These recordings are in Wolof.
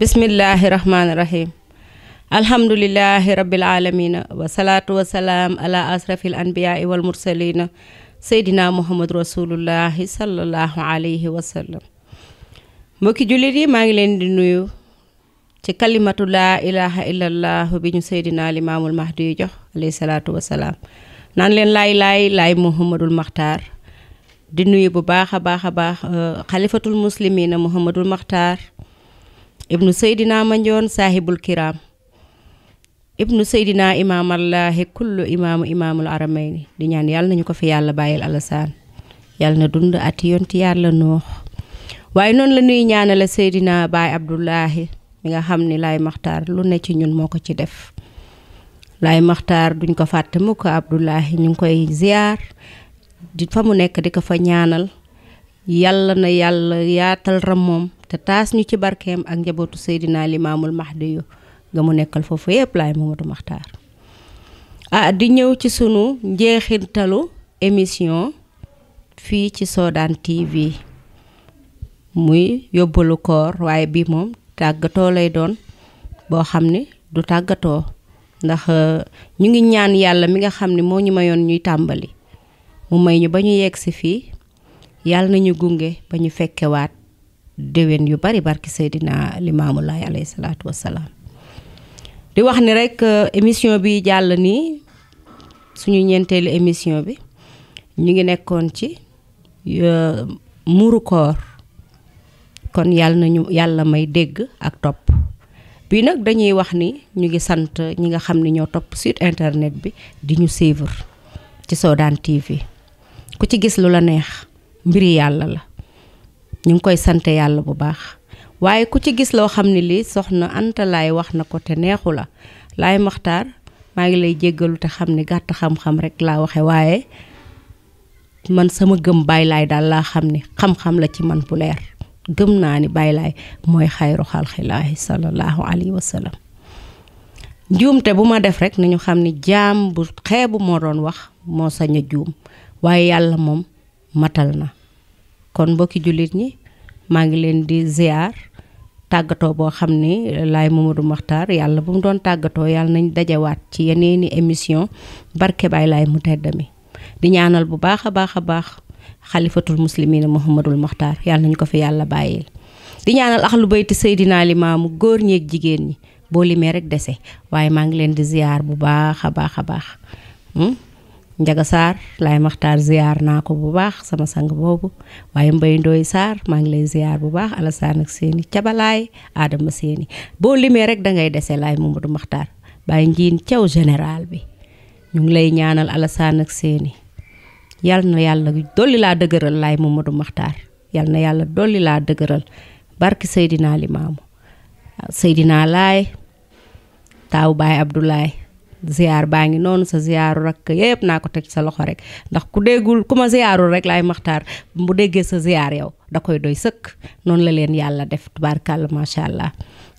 bismillahi rahmaani rahim alhamdulilahi rabbil alamina wasalaatu wasalaam ala asrafil anbiyaai wal mursalina seydina muhammad rasulullahi sallallahu alayhi wa sallam mbokki jullit yi maa ngi leen di nuyu ci kalimatu laa ilaha illallah bi ñu seydina limaamul mahdi alayhi salaatu wasalaam naan leen laay laay laay muhammadul di nuyu bu baax a baax a baax euh, xalifatul muslimina ibnu seydina manjoon saahibul kiram ibnu seydina imaamallaahi kullu imaamu imaamul aramayni di ñaan yàlla nañu ko fi yàlla bàyyi alasaan yàlla na dund ati yonti yàlla noox waaye noonu la nuy ñaanale seydina baay abdullahi mi nga xam ni lay maxtaar lu ne ci ñun moo ko ci def laay maxtaar duñ ko fàtte mukk abdullahi ñu ngi koy ziar fa mu nekk di ko fa ñaanal yàlla na yàlla yaatal ram moom te taas ñu ci barkeem ak njabootu seydinaa Limaamul Mahdi yu nga mu nekkal foofu yëpp laay Mamadou Makhtar ah di ñëw ci sunu njeexintalu émission fii ci Soodaan TV muy yóbbalu koor waaye bi moom tàggatoo lay doon boo xam ni du tàggatoo ndax euh, ñu ngi ñaan yàlla mi nga xam ni moo ñu mayoon ñuy tàmbali mu may ñu ba ñu yegg si fii yàlla nañu gunge ba ñu fekkewaat déwén yu bari barki Seydina Limaamu Laay alayhi salaatu wassalaam di wax ni rek euh, émission bi jàll nii suñu ñeenteelu émission bi ñu ngi nekkoon ci euh, muuru koor kon yàlla nañu yàlla may dégg ak topp bii nag dañuy wax ni ñu ngi sant ñi nga xam ni ñoo topp site internet bi di ñu suivre ci Soodaan TV ku ci gis lu la neex mbiri yàlla la ñu ngi koy sante yàlla bu baax waaye ku ci gis loo xam ne lii soxna Anta Laay wax na ko te neexu la Laay Maxtaar maa ngi lay jéggalu te xam ni gàtt xam-xam rek laa waxe waaye man sama gëm Baay Laay daal laa xam ni xam-xam la ci man bu leer gëm naa ni baylaay mooy xayru xalqilaahi sallallahu alayhi wa sallam njuumte bu ma def rek nañu xam ni jaam bu xeebu moo doon wax moo sañ juum waaye yàlla moom matal na kon mbokki jullit ñi maa ngi leen di ziar tàggatoo boo xam ni laay Mamadou Makhtar yàlla bu mu doon tàggatoo yàlla nañ dajewaat ci yeneeni émission barke baay Laye mu tedd di ñaanal bu baax a baax a baax xalifatul muslimina Mouhamadul Makhtar yàlla nañu ko fi yàlla bàyyil di ñaanal axlu bayti Seydina Limaamu góor ñeek jigéen ñi boo limee rek dese waaye maa ngi leen di ziar bu baax a baax a baax. Hmm? Njaga Sarr laay maxtaar ziar naa ko bu baax sama sang boobu waaye Mbay Ndooy Sarr maa ngi lay ziar bu baax Alassane ak seeni cabalaay aadama seeni boo limee rek dangay dese laay Mamadou Maxtaar bàyyi njiin caw général bi ñu ngi lay ñaanal Alassane ak seeni yal na yàlla dolli laa dëgëral laay Mamadou Maxtaar yal na yàlla dolli laa dëgëral barki Seydina Limaamu Seydina laay taaw baay Abdoulaye ziar baa ngi noonu sa ziaru rakk yëpp naa ko teg sa loxo rek ndax ku déggul ku ma ziarul rek laay maxtaar bu déggee sa ziar yow da koy doy sëkk noonu la leen yàlla def tubaarkàlla macha allah.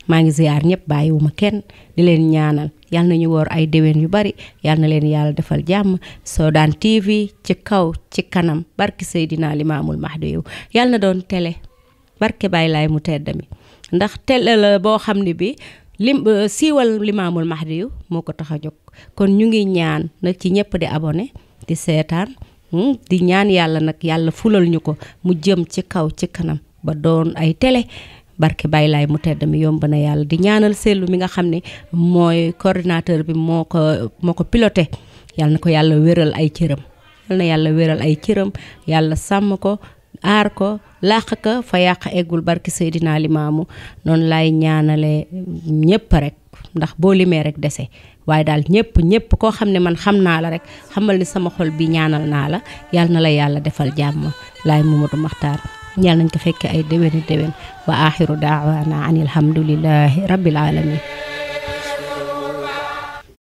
maa ngi ziar ñëpp ma kenn di leen ñaanal yal na ñu woor ay déwén yu bari yal na leen yàlla defal jàmm soo Soodaan TV ci kaw ci kanam barki Seydina Limaamul Mahdi yow yal na doon télé barke bàyyi Laay mu tedd mi ndax télé la boo xam ne bi lim euh, siiwal limaamul mahdi yu moo ko tax a jóg kon ñu ngi ñaan nag ci ñëpp di abone di seetaan hmm, di ñaan yàlla nag yàlla fulal ñu ko mu jëm ci kaw ci kanam ba doon ay tele barke Baye Laay mu tedd mi yomb na yàlla di ñaanal seetlu mi nga xam ne mooy coordinateur bi moo ko moo ko piloté yàlla na ko yàlla wéral ay cëram wéral ay cëram yàlla sàmm ko aar ko làq ka fa yàq eggul barki Seydina Limaamu noonu laay ñaanale ñépp rek ndax boo limee rek dese waaye daal ñëpp ñëpp koo xam ne man xam naa la rek xamal ni sama xol bi ñaanal naa la yal na la yàlla defal jàmm laay Mamadou Makhtar yal nañ ko fekkee ay déwéni déwén wa axiru daawaana an ilhamdulillahi rabbil alamin